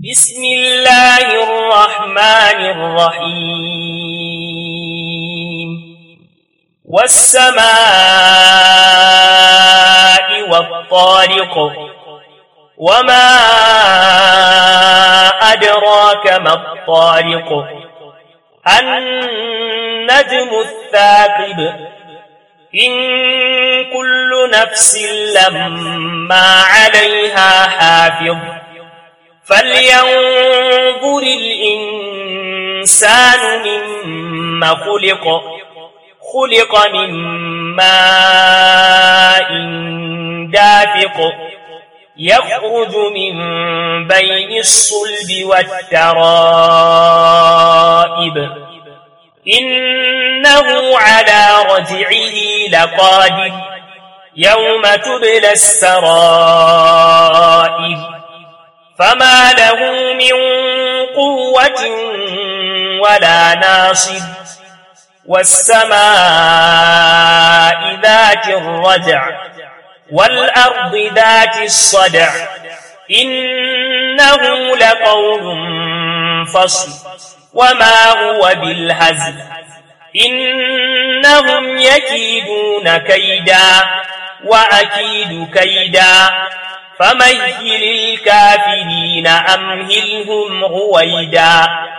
بسم الله الرحمن الرحيم والسماء والطارق وما أدراك ما الطارق النجم الثاقب إن كل نفس لما عليها حافظ فلينظر الإنسان مما خلق خلق من ماء دافق يخرج من بين الصلب والترائب إنه على رجعه لقادر يوم تبلى السرائر فما ولا ناصب والسماء ذات الرجع والأرض ذات الصدع إنه لقول فصل وما هو بالهزل إنهم يكيدون كيدا وأكيد كيدا فمهل الكافرين أمهلهم غويدا